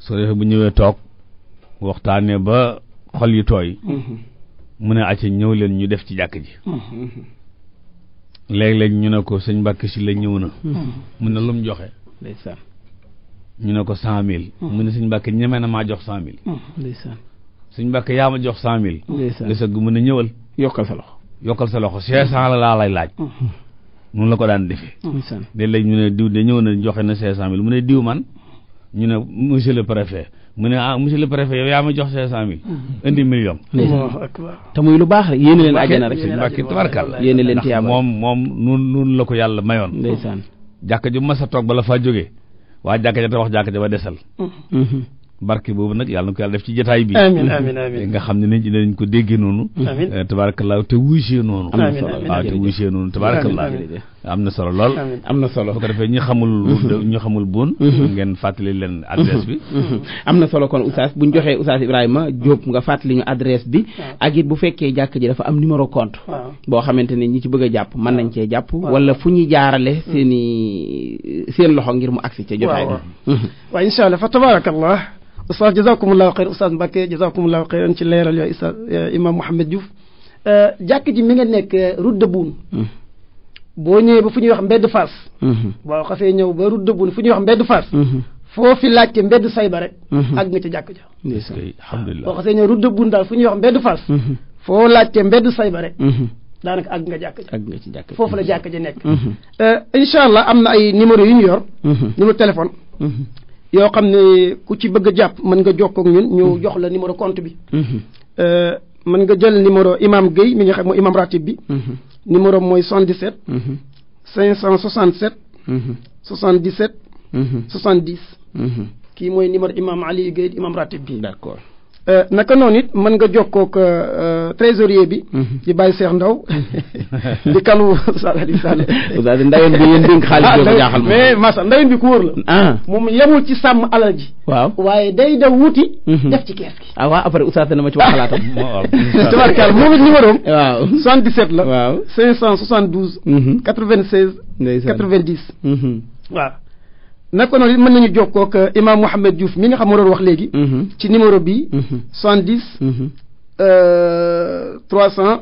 su defee bu ñëwee toog waxtaanee ba xol yi tooy mm-hmm. mu ne acca ñëw leen ñu def ci jàkk ji léeg-léeg ñu ne ko sëñ Mbàkke si la ñëw na mu ne lu joxe ndeysaan ñu ne ko cent mille mu ne sëñ Mbàkke ñeme na maa jox cent mille ndeysaan Mbàkke yaa ma jox cent mille ndeysaan nga sëgg mu ne ñëwal yokkal sa loxo cinq cent la laa lay laaj noonu la ko daan defee léeg-léeg ñu ne diw de ñëw na joxe na cinq cent mille mu ne diw man ñu ne monsieur le préfet mu ne a ah, monsieur le préfet yow yaa ma jox cinq cent mille mm-hmm. indi million te muy lu baax rek yéene leen àjjana rek sëñ Mbàkke tabarkal yéene leen tiyaaba moom moom nun nun la ko yàlla mayoon ndeysaan jàkka ju mas a toog bala faa jógee waa jàkka ja te wax jàkka ja ba desal mm-hmm. barke boobu nag yàlla na ko yàlla def ci jotaay bi. amiin amiin amiin nga xam ne nañ ko déggee noonu. amiin eh, tabaarakallaa te wuysee noonu. amiin ah, am na solo lool. am na solo bu ko xamul. ñu xamul boon. ngeen fàttali leen adresse am na solo kon oustaz bu ñu joxee oustaz Ibrahima Diop nga fàttali ñu adresse bi. ak it bu fekkee jàkk ji dafa am numéro compte. boo xamante ne ñi ci bëgg a jàpp man nañ cee jàpp. wala fu ñuy jaarale hmm. seen seen loxo ngir mu agsi ca jotaay bi. waaw waaw allah fa tabarakallah oustaz jazakumullahu xeyr oustaz Mbacke jazakumullahu xeyran ci leeral yooyu oustaz eh, imam Mouhamed Diouf eh, jàkk ji mi nga nekk eh, route de hmm. boo ñëwee ba fu ñuy wax mbedd Fass hmm. boo xasee ñëw ba route de fu ñuy wax mbedd Fass hmm. foo fi laajte mbedd sayba rek nga ca jàkk ja alhamdulilah boo xasee fu ñuy wax mbedd Fass foo laajte mbedd sayba rek daanaka àgg nga jàkk ja àgg nga foofu la jàkk ja nekk incha allah am na ay numéro yu ñu yor numéro téléphone yoo xam ne ku ci bëgg a jàpp mën nga jokkoo ak ñun ñu mm-hmm. jox la numéro compte bi. Mm-hmm. Euh, mën nga jël numéro imam Guèye mi nga xam imam ratib bi. Mm-hmm. numéro mooy 77. 567. 77. 70. kii mooy numéro imam Aliou Guèye imam ratib bi. d'accord. Euh, naka noonu it mën nga jokkook euh, euh, trésorier bi. Mhm. di bàyyi Seex Ndaw di kanu Saladi Sall. ndawen bi yéen dénk xaalis ah, mais masa ndawen bi ku wóor la. Ah. moom yemul ci sàmm alal ji. waaw waaye day dem wuti. Mhm. def ci kees gi. ah waaw après oustaz dana ma ci wax xalaatam. tabarkaal moom it numéro am. waaw 77 la. waaw 572. 96. 90. waaw. naka noonu it mën nañu jokkoo ak euh, imaam Mouhamed Diouf mi nga xam moo doon wax léegi. Mm-hmm. ci numéro bi. 70. 300.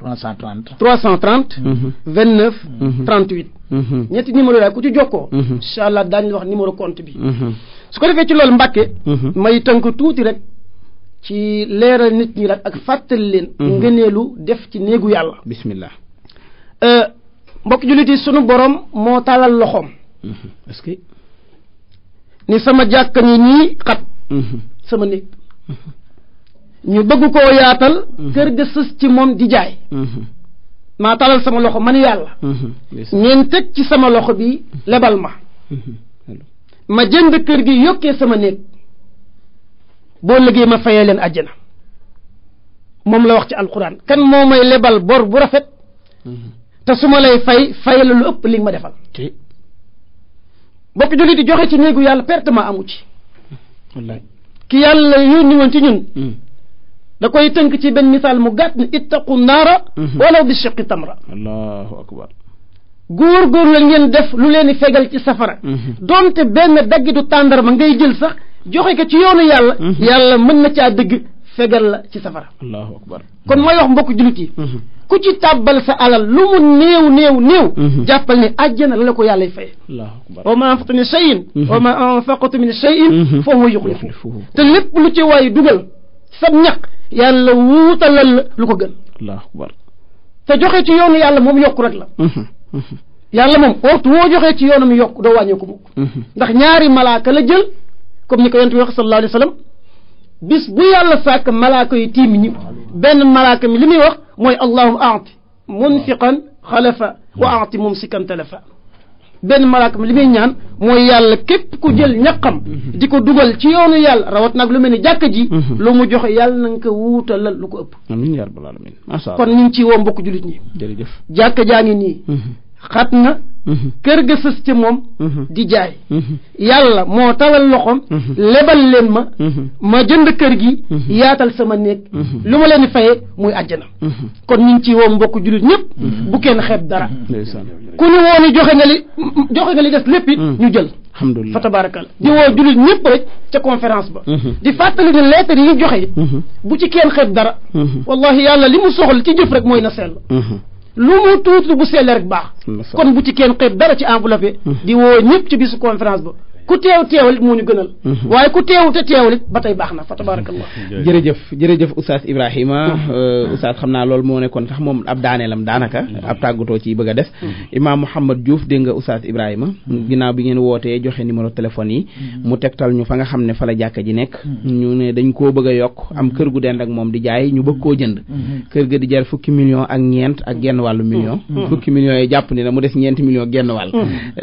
330 330. 29. 38. ñetti numéro daal ku ci jokkoo. Mm-hmm. incha allah daañu wax numéro compte bi. Mm-hmm. su ko defee ci loolu Mbàkke. may tënk tuuti rek ci leeral nit ñi rek ak fàttali leen. ngëneelu def ci néegu yàlla. bismillah. Euh, mbokk jullit yi sunu borom moo tàllal loxoom. ni sama jàkka ñi nii xat mm-hmm. sama néeg ñu bëgg koo yaatal mm-hmm. kër ga sës ci moom di jaay mm-hmm. maa talal sama loxo man yàlla ngeen teg ci sama loxo bi lebal ma ma jënd kër gi yokkee sama néeg boo liggéey ma fayee leen àjjana moom la wax ci alquran kan moo may lebal bor bu rafet te su ma lay fay fay la lu ëpp li ma defal bokk jullit di joxe ci néegu yàlla pertement amu ci wallaay ki yàlla yónni ci ñun hmm. da koy tënk ci benn misaal mu gàtt ne ittaqu naara hmm. walaw bi shiqi tamra allahu akbar góor ngeen def lu leen di fegal ci safara hmm. doonte benn daggitu tàndarma ngay jël sax joxe ko ci yoonu yàlla yàlla mën na a dëgg fegal la ci safara allahu akbar kon mooy wax mbokk jullit mhm. ku ci tàbbal sa alal lu mu néew néew néew mhm. jàppal ne àjjana la la ko yàllay faye wa ma anfaqtu min shay'in wa ma mhm. anfaqtu min shay'in fa huwa yuxlifu te lépp lu ci waay dugal sab ñaq yàlla wuutalal la lu ko gën allahu akbar te joxe ci yoonu yàlla moom yokku rek la yàlla moom waxtu woo joxee ci yoonam yokk doo wàññeeku mukk ndax ñaari malaaka la jël comme ni ko yonent wax sallallahu alayhi bis bu yàlla sàkk malaaka yi tiim ñu benn malaaka mi li muy wax mooy allahuma aati munfiqan xalafa wa aati mumsikan talafa benn malaaka mi li muy ñaan mooy yàlla képp ku jël ñaqam di ko dugal ci yoonu yàlla rawat nag lu mel ni jàkka ji mhm. lu mu joxe yàlla na nga ko wuutalal lu ko ëpp amiin yaa rabbal aalamiin kon ñu ngi ci woo mbokk jullit ñi jërëjëf jàkka jaa ngi nii mhm. xat na mhm. kër ga sës ca moom mhm. di jaay mhm. yàlla moo tawal loxoom lebal leen ma ma jënd kër gi yaatal sama néeg lu ma leen di fayee muy na kon ñu ngi ci woo mbokk jullit ñëpp bu kenn xeeb dara ku ñu woo ni joxe nga li joxe nga li des lépp it ñu jël alhamdulilah fa tabaarakal di woo jullit ñëpp rek ca conférence ba di fàttali ne lettre yi ñu joxe it bu ci kenn xeeb dara wallahi yàlla li mu soxla ci jëf rek mooy na sell lu mu tuuti bu sell rek baax kon bu ci kenn xeeb dara ci enveloppé hmm. di woo ñëpp ci bisu conférence ba ku teew teewal it moo ñu gënal mhm. waaye ku teewul te teewal it ba tey baax na fa tabarakallah jërëjëf jërëjëf oustaz Ibrahima mhm. euh, oustaz xam naa loolu moo nekkoon tax moom ab daaneelam daanaka mhm. ab tàggatoo ci bëgg a des imaam Mouhamad Diouf dégg nga oustaz Ibrahima ginnaaw bi ngeen wootee joxe numéro téléphone yi mu tegtal ñu fa nga xam ne fa la jàkka ji nekk ñu ne dañ koo bëgg a yokk am kër gu dend ak moom di jaay ñu bëgg koo jënd kër ga di jar fukki million ak ñeent ak genn wàllu million fukki millions yi jàpp ni na mu des ñeenti million genn wàll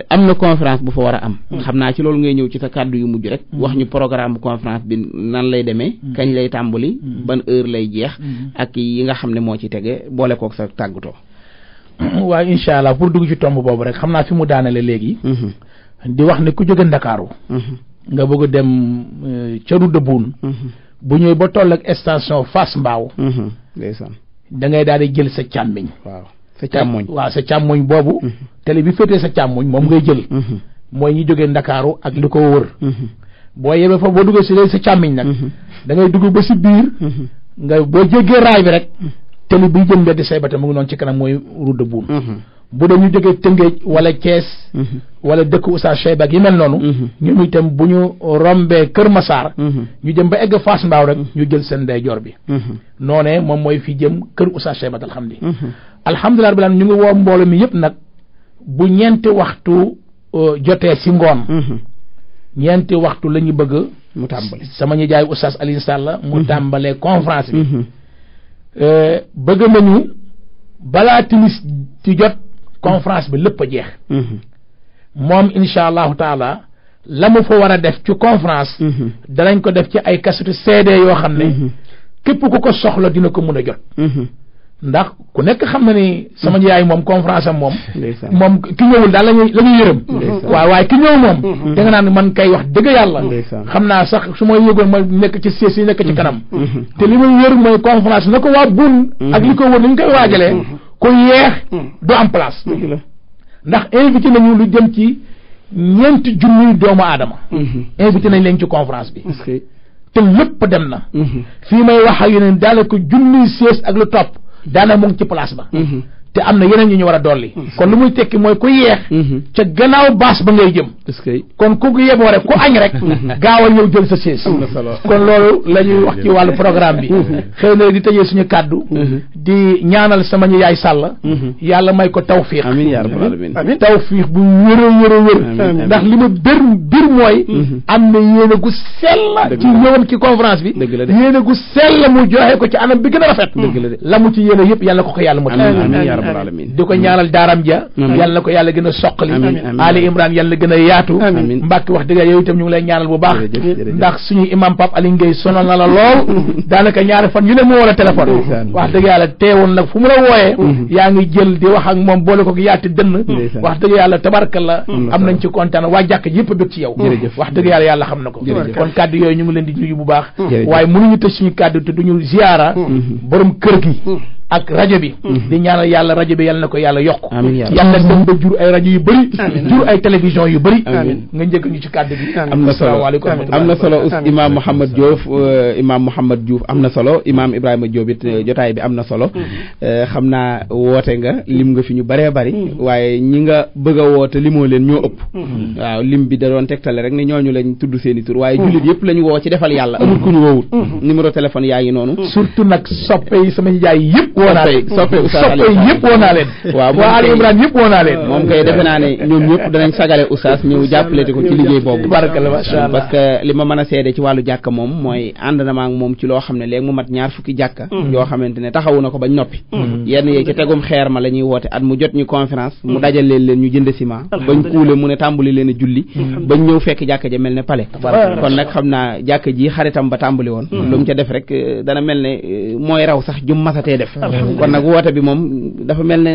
am na conférence bu fa war a am xam naa ci loolu jarul ngay ñëw ci sa kàddu yu mujj rek mm-hmm. wax ñu programme conférence bi nan lay demee mm-hmm. kañ lay tàmbali mm-hmm. ban heure lay jeex ak yi nga xam ne moo ci tege boole kook sa tàggatoo waaw incha allah pour dugg ci tomb boobu rek xam naa fi mu daanale léegi di wax ne ku jóge ndakaaru nga bëgg a ca euh, caru dëbbuun bu ñëw ba toll ak station Fass Mbao ndeysaan da ngay daal di jël sa càmmiñ waaw sa càmmoñ boobu télé bi féetee sa càmmoñ moom ngay jël mooy ñi jógee ndakaaru ak li ko wër mhm. boo yebee foofu boo duggee si lay sa càmmiñ nag mhm. da ngay ba si biir mhm. nga boo jéggee raay bi rek tali buy jëm mbedd say bata mu ngi noonu ci kanam mooy route de Boune bu dee ñu jógee Tëngéej wala Thiès wala dëkk Oussa Cheyba ak yi mel noonu ñoom itam bu ñu rombee Kër Massar ñu jëm ba egg Fass Mbao rek ñu jël seen ndeyjoor bi noonee moom mooy fi jëm Kër Oussa Cheyba alhamdulilah alhamdulilah rabbil alamin ñu ngi woo mbooloo mi yëpp nag bu ñeenti waxtu Euh, jotee si ngoon. Mhm. ñeenti waxtu la ñu bëgg. mu tàmbale sama ñu jaay oustaz Alioune Sall. mu mhm. tàmbalee conférence bi. Mhm. Euh, bëgg nañu balaa timis ci jot. conférence bi lépp a jeex. moom incha allahu taala la mu fa war a def ci conférence. danañ ko def ci ay kasetu CD yoo xam ne. képp ku ko soxla dina ko mën a jot. ndax ku nekk xam na ni sama yaay moom conférence am moom moom ki ñëwul daal lañuy la ñuy yërëm waaw waaye ki ñëw moom mm-hmm. da nga naan man kay wax dëgg yàlla xam naa sax su ma yëgoon ma nekk ci siis yi nekk ci mm-hmm. kanam mm-hmm. te li muy wér mooy conférence na ko waa bun ak li ko wër ni ñu koy waajalee ku yeex du am place ndax invité nañu lu jëm ci ñeenti junniy doomu aadama invité nañ leen ci conférence bi te lépp dem na fii may wax ak yeneen daal ko junniy siis ak lu topp daana mu ngi ci place ba mm-hmm. te am na yeneen yu ñu war a dolli. Mm-hmm. kon lu muy tekki mooy ku yeex. Mm-hmm. ca gannaaw baas ba ngay jëm. kon ku yeboo rek ku añ rek. Mm-hmm. gaaw a ñëw jël sa chaise. kon loolu la ñuy wax ci wàllu programme bi. xëy na di tëjee suñu kàddu. di ñaanal sama ñu yaay sàll. yàlla may ko tawfiix. amiin bu wér a wér a wér. ndax li ma bir bir mooy. am na yéene gu sell. ci ñëwam ci conférence bi. dëgg la de gu sell mu joxe ko ci anam bi gën a rafet. la mu ci yéene yëpp yàlla ko ko yàlla rabbal alamin di ko ñaanal daaram ja yàlla na ko yàlla gën a soqali Ali Imran yàlla gën a yaatu Mbàkke wax dëgg yow itam ñu ngi lay ñaanal bu baax ndax suñu imam Pape Aliou Ngueye sonal na la lool daanaka ñaari fan yu ne mu woo la téléphone wax dëgg yàlla teewoon nag fu mu la wooyee mm-hmm. yaa ngi jël di wax ak moom boole ko yaati dënn wax la mm-hmm. am nañ ci kontaan waa jàkk yëpp bëgg ci yow wax ñu ngi leen di nuyu bu baax waaye mënuñu tëj suñu kàddu te duñu ziyaara mm-hmm. borom kër gi ak rajo bi mm-hmm. di ñaanal yàlla rajo bi yàlla na ko yàlla yokk yàlla dem ba jur ay rajo yi bëri jur ay télévision yu bëri nga njëkk ñu ci kàddu bi am na solo am na solo us imam Mouhamed Diouf euh, imam Mouhamed Diouf am na solo imam Ibrahima Diop it euh, jotaay bi am na solo mm-hmm. euh, xam naa woote nga lim nga fi ñu bëree bari mm-hmm. waaye ñi nga bëgg a woote limoo leen ñoo ëpp waaw lim bi da doon tegtale rek ne ñooñu lañ tudd seen i tur waaye jullit yëpp lañ woo ci defal yàlla amul ku ñu woowut numéro téléphone yaa ngi noonu woo naa leen soppe waaw waa Ali Imran yëpp woo naa moom kay defe naa ne ñoom ñëpp danañ sagale Oustaz ñëw jàppalete ko ci liggéey boobu barakalla masha Allah parce que li ma mën a seede ci wàllu jàkka moom mooy ànd na maak moom ci loo xam ne léegi mu mat ñaar fukki jàkka mm. yoo xamante ne taxawu na ko bañ noppi mm. yenn yee ci tegum xeer ma la ñuy woote at mu jot ñu conférence mm. mu dajal leen leen ñu jënd ciment bañ kuule mu ne tàmbali leen a julli bañ ñëw fekk jàkka ja mel ne pale kon nag xam naa jàkka ji xaritam ba tàmbali woon lu mu ca def rek eh, dana mel ne eh, mooy raw sax jum masatee def kon nag woote bi moom dafa mel ne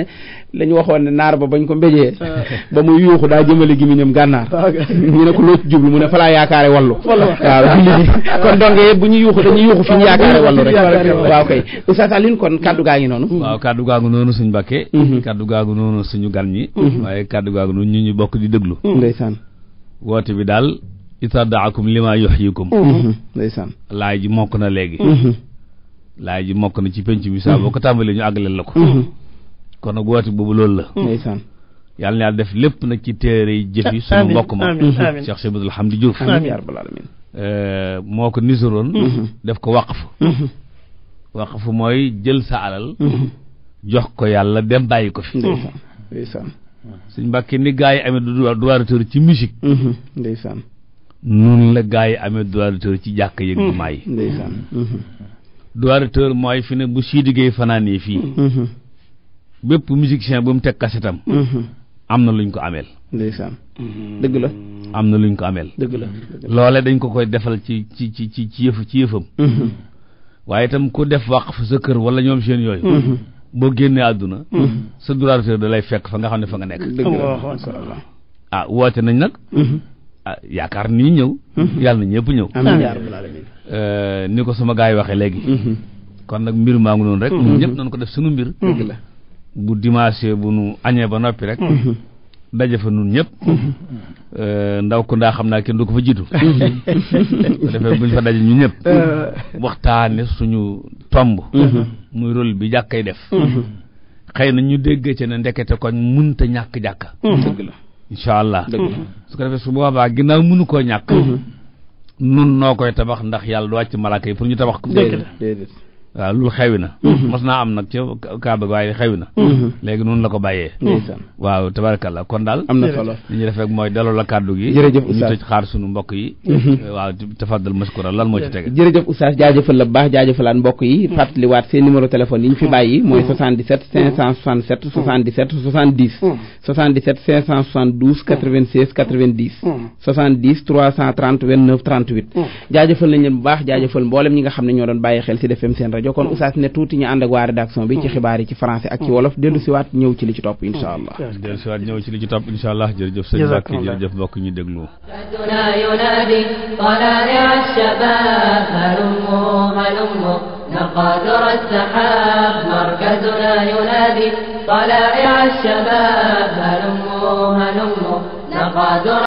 lañu waxoon ne naar ba bañ ko mbéjee ah. ba muy yuuxu daa jëmale gi mu ñëm gànnaar ah, ñu ne ko loo jublu mu ne fa laa yaakaare wallu waaw ah. kon donc bu ñu yuuxu dañuy yuuxu fi ñu yaakaare wallu rek waaw kay Oustaz Alioune kon kaddu gaa ngi noonu waaw kaddu gaa ngi noonu suñu Mbàkke mm-hmm. kaddu gaa ngi noonu suñu gan ñi mm-hmm. waaye kaddu gaa ngi noonu ñu ñu bokk di déglu mm-hmm. ndeysaan woote bi daal itadaakum lima yuhyikum ndeysaan laay ji mokk na léegi laay ji mokk na ci penc bi saa boo ko tàmbalee ñu àggaleel la ko mhm. kon nag woote boobu loolu la ndeysaan yàlla na yàlla def lépp nag ci téere yi jëf yi mbokk ma mhm. Cheikh Sibadul Hamdi Diouf amiin yaa rabbal aalamiin eh, moo ko nisoroon mhm. def ko waqf waqf mooy jël sa alal jox ko yàlla dem bàyyi ko fi ndeysaan ndeysaan suñ mbàkke ni gaa yi amee droit d'auteur ci musique ndeysaan noonu la gaa yi amee droit d'auteur ci jàkk yëg bu maay doirateur mooy fi ne bu Sidi Gueye fanaanee fii. Mm-hmm. bépp musicien bu mu teg kasetam. Mm-hmm. am na luñ ko ameel. dëgg la. Mm-hmm. am na luñ ko ameel. dëgg la loole dañ ko koy defal ci ci ci ci ci yëfu ci yëfam. waaye itam ku def waqf sa kër wala ñoom seen yooyu. boo génnee àdduna. sa doirateur da lay fekk fa nga xam ne fa nga nekk. dëgg la ah nañ nag. ah yaakaar nii ñëw. yàlla na ñëpp ñëw. Euh, ni ko suma gars yi waxee léegi. Mhm. kon nag mbir maa ngi noonu rek. ñun mhm. ñëpp nañu ko def suñu mbir. bu dimanche bu nu añee ba noppi rek. Mhm. daje fa nun ñëpp euh, ndaw ku ndaa xam naa kenn du ko fa jiitu defee buñ fa daje ñu ñëpp euh. waxtaane suñu tomb muy rôle bi jàkkay def xëy na ñu dégg ci ne ndekete koñ munta ñàkk jàkka dëgg la su ko defee su boobaa ginnaaw mënu koo ñàkk nun noo koy tabax ndax yàlla du wàcc malaaka yi pour ñu tabax ko déedéet waaw loolu xewi na mos mm-hmm. naa am nag ca Kaaba waaye xewi na mm-hmm. léegi noonu la ko bàyyee mm-hmm. waaw tabarakallah kon daal am na solo li ñu def rek mooy delloo la kàddu gi jërëjëf oustaz ñu tëj xaar sunu mbokk yi eh, waaw tafaddal maskura lan moo ci tege jërëjëf oustaz jaajëfal la bu baax jaajëfalaan mbokk yi fàttaliwaat seen numéro téléphone yi ñu fi bàyyi mooy 77 567 77 70 77 572 96 90 70 330 29 38 jaajëfal nañ leen bu baax jaajëfal mboolem ñi nga xam ne ñoo rajo kon hmm. Oustaz ne tuuti ñu ànd ak waa rédaction bi ci hmm. xibaar yi ci français ak ci hmm. wolof dellu siwaat ñëw ci li ci topp insha allah dellu siwaat ñëw ci li ci topp insha allah jërëjëf sëñ Bakki jërëjëf mbokk ñu déglu نقادر السحاب مركزنا ينادي طلائع الشباب هلموا هلموا نقادر